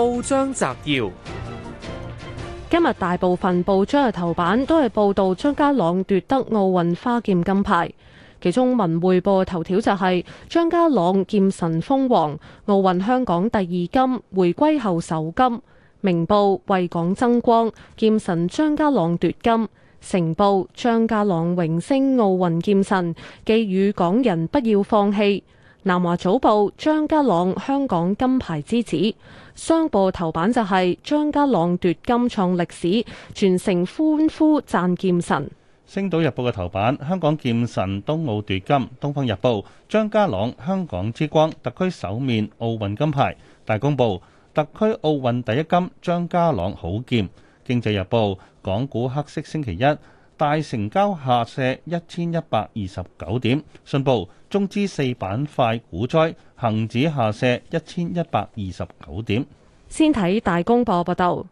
報章摘要：今日大部分報章嘅頭版都係報道張家朗奪得奧運花劍金牌，其中文匯報嘅頭條就係、是、張家朗劍神封王，奧運香港第二金，回歸後首金。明報為港爭光，劍神張家朗奪金。成報張家朗榮升奧運劍神，寄語港人不要放棄。南華早報，張家朗香港金牌之子。商報頭版就係張家朗奪金創歷史，全城歡呼讚劍神。星島日報嘅頭版，香港劍神東奧奪金。東方日報，張家朗香港之光，特區首面奧運金牌。大公報，特區奧運第一金張家朗好劍。經濟日報，港股黑色星期一，大成交下瀉一千一百二十九點，信報中資四板塊股災，恒指下瀉一千一百二十九點。先睇大公報報道，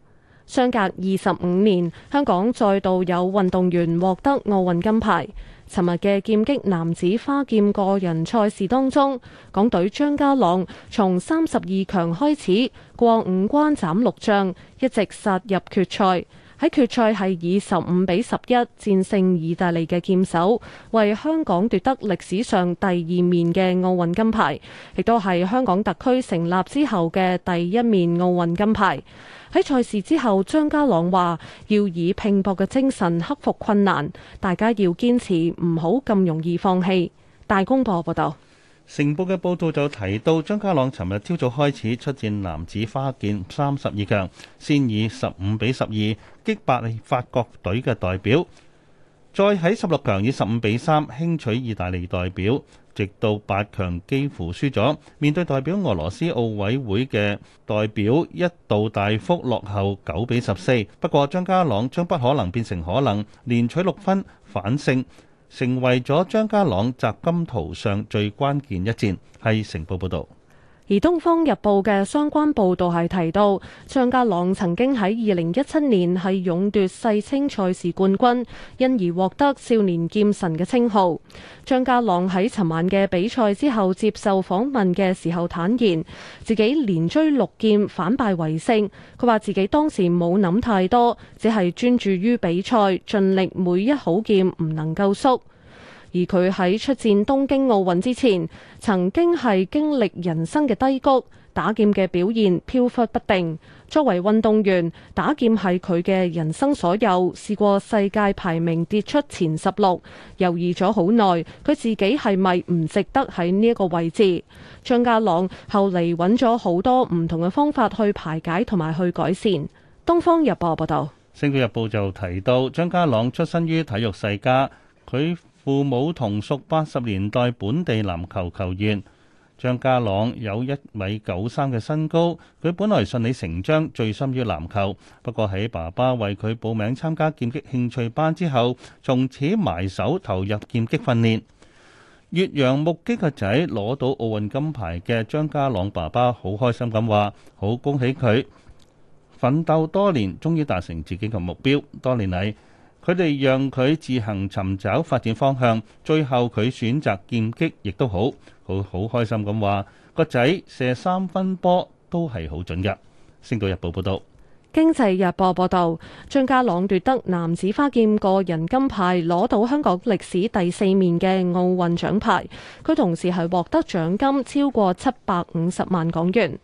相隔二十五年，香港再度有運動員獲得奧運金牌。尋日嘅劍擊男子花劍個人賽事當中，港隊張家朗從三十二強開始過五關斬六將，一直殺入決賽。喺決賽係以十五比十一戰勝意大利嘅劍手，為香港奪得歷史上第二面嘅奧運金牌，亦都係香港特區成立之後嘅第一面奧運金牌。喺賽事之後，張家朗話要以拼搏嘅精神克服困難，大家要堅持，唔好咁容易放棄。大公報報道。成報嘅報道就提到，張家朗尋日朝早開始出戰男子花劍三十二強，先以十五比十二擊敗法國隊嘅代表，再喺十六強以十五比三輕取意大利代表，直到八強幾乎輸咗，面對代表俄羅斯奧委會嘅代表一度大幅落後九比十四，不過張家朗將不可能變成可能，連取六分反勝。成為咗張家朗摘金圖上最關鍵一戰，係成報報道。而《東方日報》嘅相關報導係提到，張家朗曾經喺二零一七年係勇奪世青賽事冠軍，因而獲得少年劍神嘅稱號。張家朗喺尋晚嘅比賽之後接受訪問嘅時候坦言，自己連追六劍反敗為勝。佢話自己當時冇諗太多，只係專注於比賽，盡力每一好劍唔能夠縮。而佢喺出戰東京奧運之前，曾經係經歷人生嘅低谷，打劍嘅表現飄忽不定。作為運動員，打劍係佢嘅人生所有。試過世界排名跌出前十六，猶豫咗好耐，佢自己係咪唔值得喺呢一個位置？張家朗後嚟揾咗好多唔同嘅方法去排解同埋去改善。《東方日報》報道，《星島日報》就提到張家朗出身於體育世家，佢。父母同屬八十年代本地籃球球員，張家朗有一米九三嘅身高，佢本來順理成章最深於籃球，不過喺爸爸為佢報名參加劍擊興趣班之後，從此埋手投入劍擊訓練。越洋目擊個仔攞到奧運金牌嘅張家朗爸爸好開心咁話：好恭喜佢，奮鬥多年，終於達成自己嘅目標。多年嚟，佢哋讓佢自行尋找發展方向，最後佢選擇劍擊，亦都好好好開心咁話：個仔射三分波都係好準㗎。星島日報報道。經濟日報報道，張家朗奪得男子花劍個人金牌，攞到香港歷史第四面嘅奧運獎牌。佢同時係獲得獎金超過七百五十萬港元。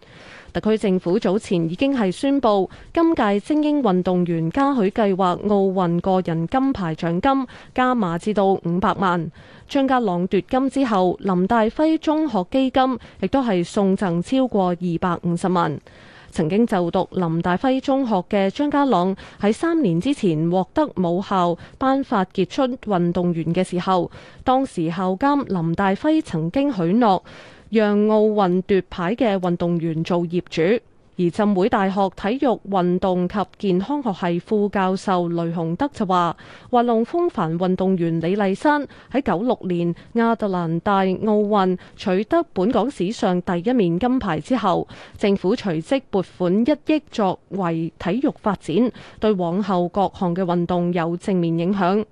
特區政府早前已經係宣布，今屆精英運動員嘉許計劃奧運個人金牌獎金加碼至到五百萬。張家朗奪金之後，林大輝中學基金亦都係送贈超過二百五十萬。曾經就讀林大輝中學嘅張家朗喺三年之前獲得母校頒發傑出運動員嘅時候，當時校監林大輝曾經許諾。讓奧運奪牌嘅運動員做業主，而浸會大學體育運動及健康學系副教授雷洪德就話，滑浪風帆運動員李麗珊喺九六年亞特蘭大奧運取得本港史上第一面金牌之後，政府隨即撥款一億作為體育發展，對往後各項嘅運動有正面影響。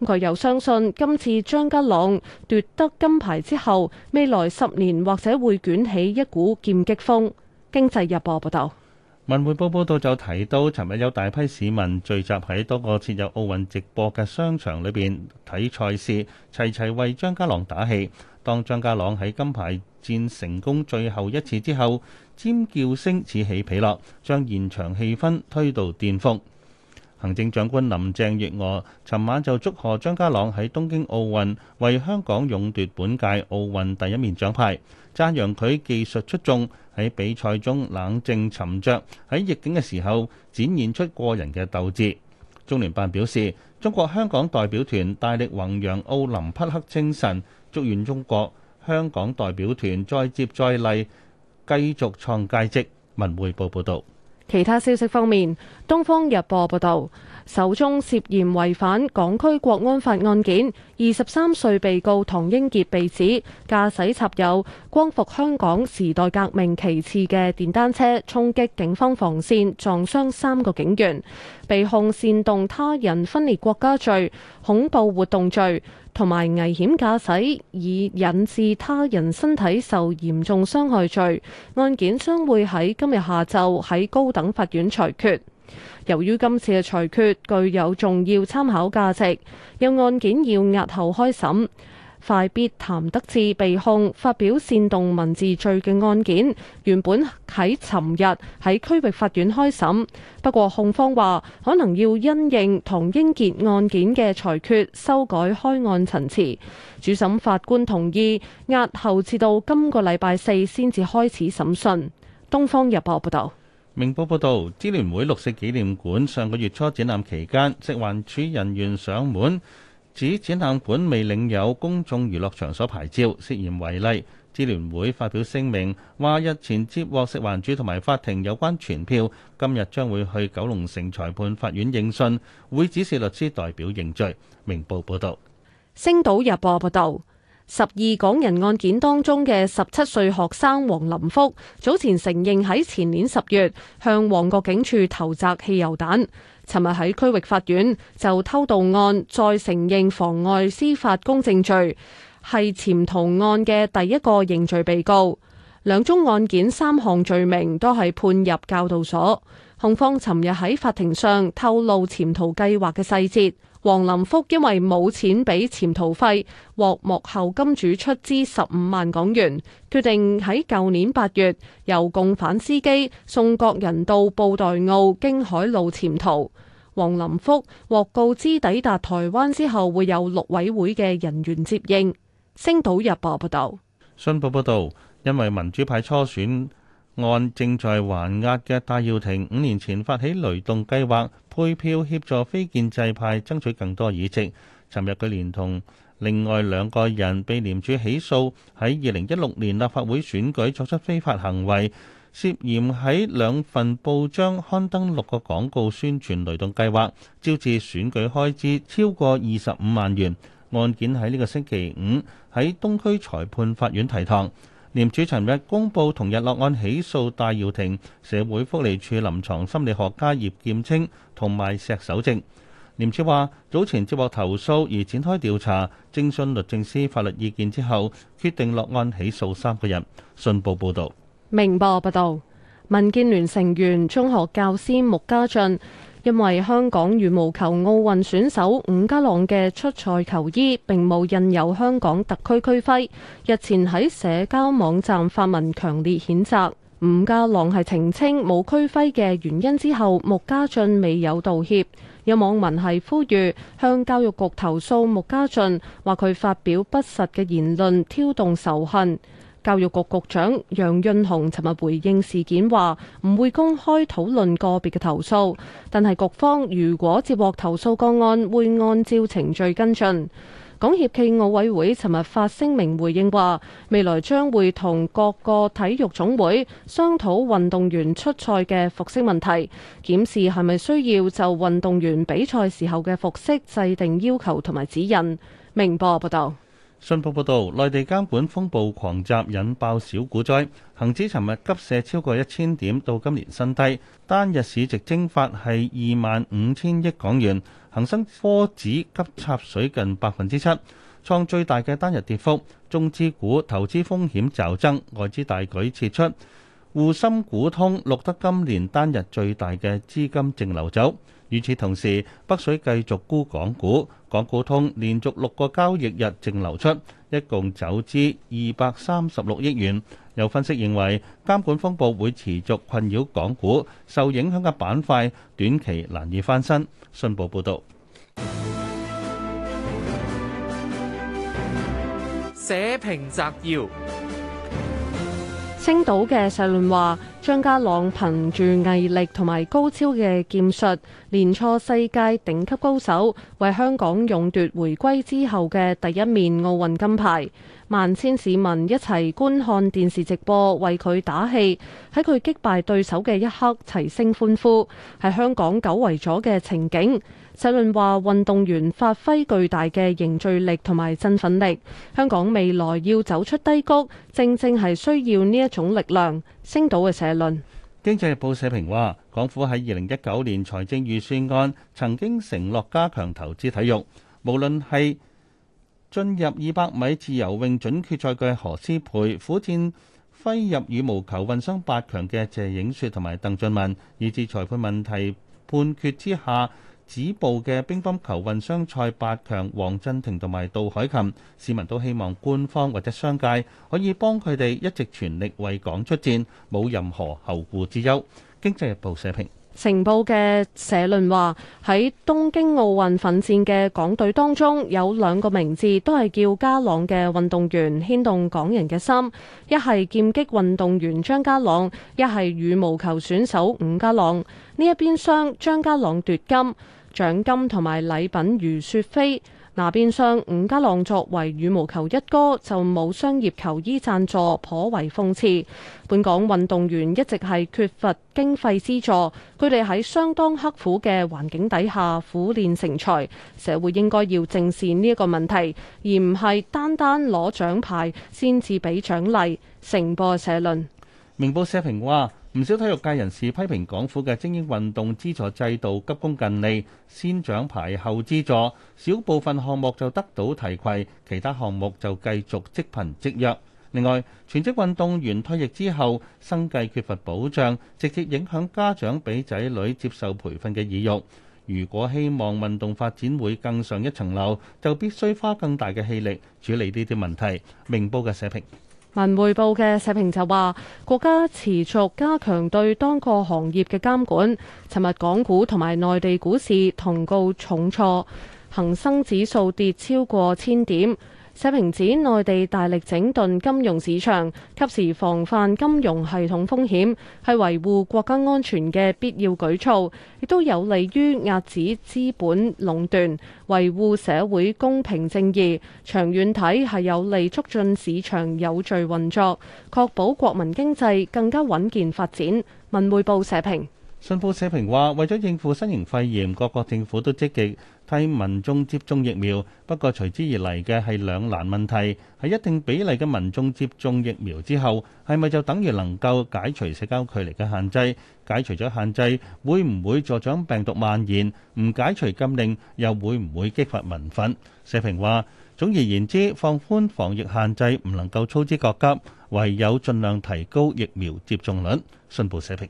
佢又相信今次張家朗奪得金牌之後，未來十年或者會捲起一股劍擊風。經濟日報報道，文匯報報道就提到，尋日有大批市民聚集喺多個設有奧運直播嘅商場裏邊睇賽事，齊齊為張家朗打氣。當張家朗喺金牌戰成功最後一次之後，尖叫聲此起彼落，將現場氣氛推到巔峯。行政長官林鄭月娥尋晚就祝賀張家朗喺東京奧運為香港勇奪本屆奧運第一面獎牌，讚揚佢技術出眾，喺比賽中冷靜沉着，喺逆境嘅時候展現出過人嘅鬥志。中聯辦表示，中國香港代表團大力弘揚奧林匹克精神，祝願中國香港代表團再接再厲，繼續創佳績。文匯報報導。其他消息方面，《東方日報，報》報道，首宗涉嫌違反港區國安法案件。二十三歲被告唐英傑被指駕駛插有光復香港時代革命旗幟嘅電單車衝擊警方防線，撞傷三個警員，被控煽動他人分裂國家罪、恐怖活動罪同埋危險駕駛以引致他人身體受嚴重傷害罪。案件將會喺今日下晝喺高等法院裁決。由於今次嘅裁決具有重要參考價值，有案件要押後開審。快必譚德志被控發表煽動文字罪嘅案件，原本喺尋日喺區域法院開審，不過控方話可能要因應同英傑案件嘅裁決，修改開案陳詞。主審法官同意押後至到今個禮拜四先至開始審訊。東方日報報道。明報報道，支聯會六四紀念館上個月初展覽期間，食環署人員上門指展覽館未領有公眾娛樂場所牌照，涉嫌違例。支聯會發表聲明話，日前接獲食環署同埋法庭有關傳票，今日將會去九龍城裁判法院應訊，會指示律師代表認罪。明報報道，星島日報報道。十二港人案件當中嘅十七歲學生黃林福，早前承認喺前年十月向旺角警署投擲汽油彈。尋日喺區域法院就偷渡案再承認妨礙司法公正罪，係潛逃案嘅第一個認罪被告。兩宗案件三項罪名都係判入教導所。控方尋日喺法庭上透露潛逃計劃嘅細節。黃林福因為冇錢俾潛逃費，獲幕後金主出資十五萬港元，決定喺舊年八月由共犯司機送國人到布袋澳經海路潛逃。黃林福獲告知抵達台灣之後會有陸委會嘅人員接應。星島日報報道，新報報道，因為民主派初選。案正在還押嘅戴耀廷，五年前發起雷動計劃，配票協助非建制派爭取更多議席。尋日佢連同另外兩個人被廉署起訴，喺二零一六年立法會選舉作出非法行為，涉嫌喺兩份報章刊登六個廣告宣傳雷動計劃，招致選舉開支超過二十五萬元。案件喺呢個星期五喺東區裁判法院提堂。廉署尋日公布，同日落案起訴戴耀廷、社會福利署臨床心理學家葉劍青同埋石守正。廉署話早前接獲投訴而展開調查，徵詢律政司法律意見之後，決定落案起訴三個人。信報報道、明報報道，民建聯成員中學教師穆家俊，因為香港羽毛球奧運選手伍家朗嘅出賽球衣並冇印有香港特區區徽，日前喺社交網站發文強烈譴責。伍家朗係澄清冇區徽嘅原因之後，穆家俊未有道歉，有網民係呼籲向教育局投訴穆家俊，話佢發表不實嘅言論，挑動仇恨。教育局局長楊潤雄尋日回應事件話，唔會公開討論個別嘅投訴，但係局方如果接獲投訴個案，會按照程序跟進。港協暨奧委會尋日發聲明回應話，未來將會同各個體育總會商討運動員出賽嘅服飾問題，檢視係咪需要就運動員比賽時候嘅服飾制定要求同埋指引。明報報道。信報報道，內地監管風暴狂襲，引爆小股災。恒指尋日急瀉超過一千點，到今年新低，單日市值蒸發係二萬五千億港元。恒生科指急插水近百分之七，創最大嘅單日跌幅。中資股投資風險驟增，外資大舉撤出，滬深股通錄得今年單日最大嘅資金淨流走。與此同時，北水繼續沽港股，港股通連續六個交易日淨流出，一共走資二百三十六億元。有分析認為，監管風暴會持續困擾港股，受影響嘅板塊短期難以翻身。信報報道，社評摘要，星島嘅社論話。張家朗憑住毅力同埋高超嘅劍術，連挫世界頂級高手，為香港勇奪回歸之後嘅第一面奧運金牌。萬千市民一齊觀看電視直播為，為佢打氣。喺佢擊敗對手嘅一刻，齊聲歡呼，係香港久違咗嘅情景。社論話，運動員發揮巨大嘅凝聚力同埋振奮力。香港未來要走出低谷，正正係需要呢一種力量。星島嘅社論，《經濟日報》社評話，港府喺二零一九年財政預算案曾經承諾加強投資體育，無論係進入二百米自由泳準決賽嘅何詩蓓、苦戰揮入羽毛球混雙八強嘅謝影雪同埋鄧俊文，以至裁判問題判決之下。止步嘅乒乓球混雙賽八強，黃鎮廷、同埋杜凱琹，市民都希望官方或者商界可以幫佢哋一直全力為港出戰，冇任何後顧之憂。經濟日報社評。成報嘅社論話：喺東京奧運奮戰嘅港隊當中，有兩個名字都係叫家朗嘅運動員牽動港人嘅心，一係劍擊運動員張家朗，一係羽毛球選手伍家朗。呢一邊廂張家朗奪金，獎金同埋禮品如雪飛。那邊上，吳家朗作為羽毛球一哥就冇商業球衣贊助，頗為諷刺。本港運動員一直係缺乏經費資助，佢哋喺相當刻苦嘅環境底下苦練成才。社會應該要正視呢一個問題，而唔係單單攞獎牌先至俾獎勵。成報社論，明報社評話。唔少體育界人士批評港府嘅精英運動資助制度急功近利，先獎牌後資助，少部分項目就得到提攜，其他項目就繼續積貧積弱。另外，全職運動員退役之後，生計缺乏保障，直接影響家長俾仔女接受培訓嘅意欲。如果希望運動發展會更上一層樓，就必須花更大嘅氣力處理呢啲問題。明報嘅社評。文匯報嘅社評就話，國家持續加強對當個行業嘅監管。尋日港股同埋內地股市同告重挫，恒生指數跌超過千點。社評指，內地大力整頓金融市場，及時防範金融系統風險，係維護國家安全嘅必要舉措，亦都有利於壓止資本壟斷，維護社會公平正義。長遠睇係有利促進市場有序運作，確保國民經濟更加穩健發展。文匯報社評。信報社評話：為咗應付新型肺炎，各國政府都積極替民眾接種疫苗。不過隨之而嚟嘅係兩難問題，係一定比例嘅民眾接種疫苗之後，係咪就等於能夠解除社交距離嘅限制？解除咗限制，會唔會助長病毒蔓延？唔解除禁令，又會唔會激發民憤？社評話：總而言之，放寬防疫限制唔能夠操之過急，唯有盡量提高疫苗接種率。信報社評。